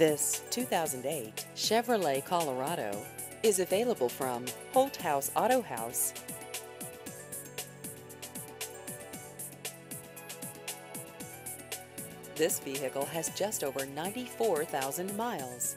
This 2008 Chevrolet Colorado is available from Holt House Auto House. This vehicle has just over 94,000 miles.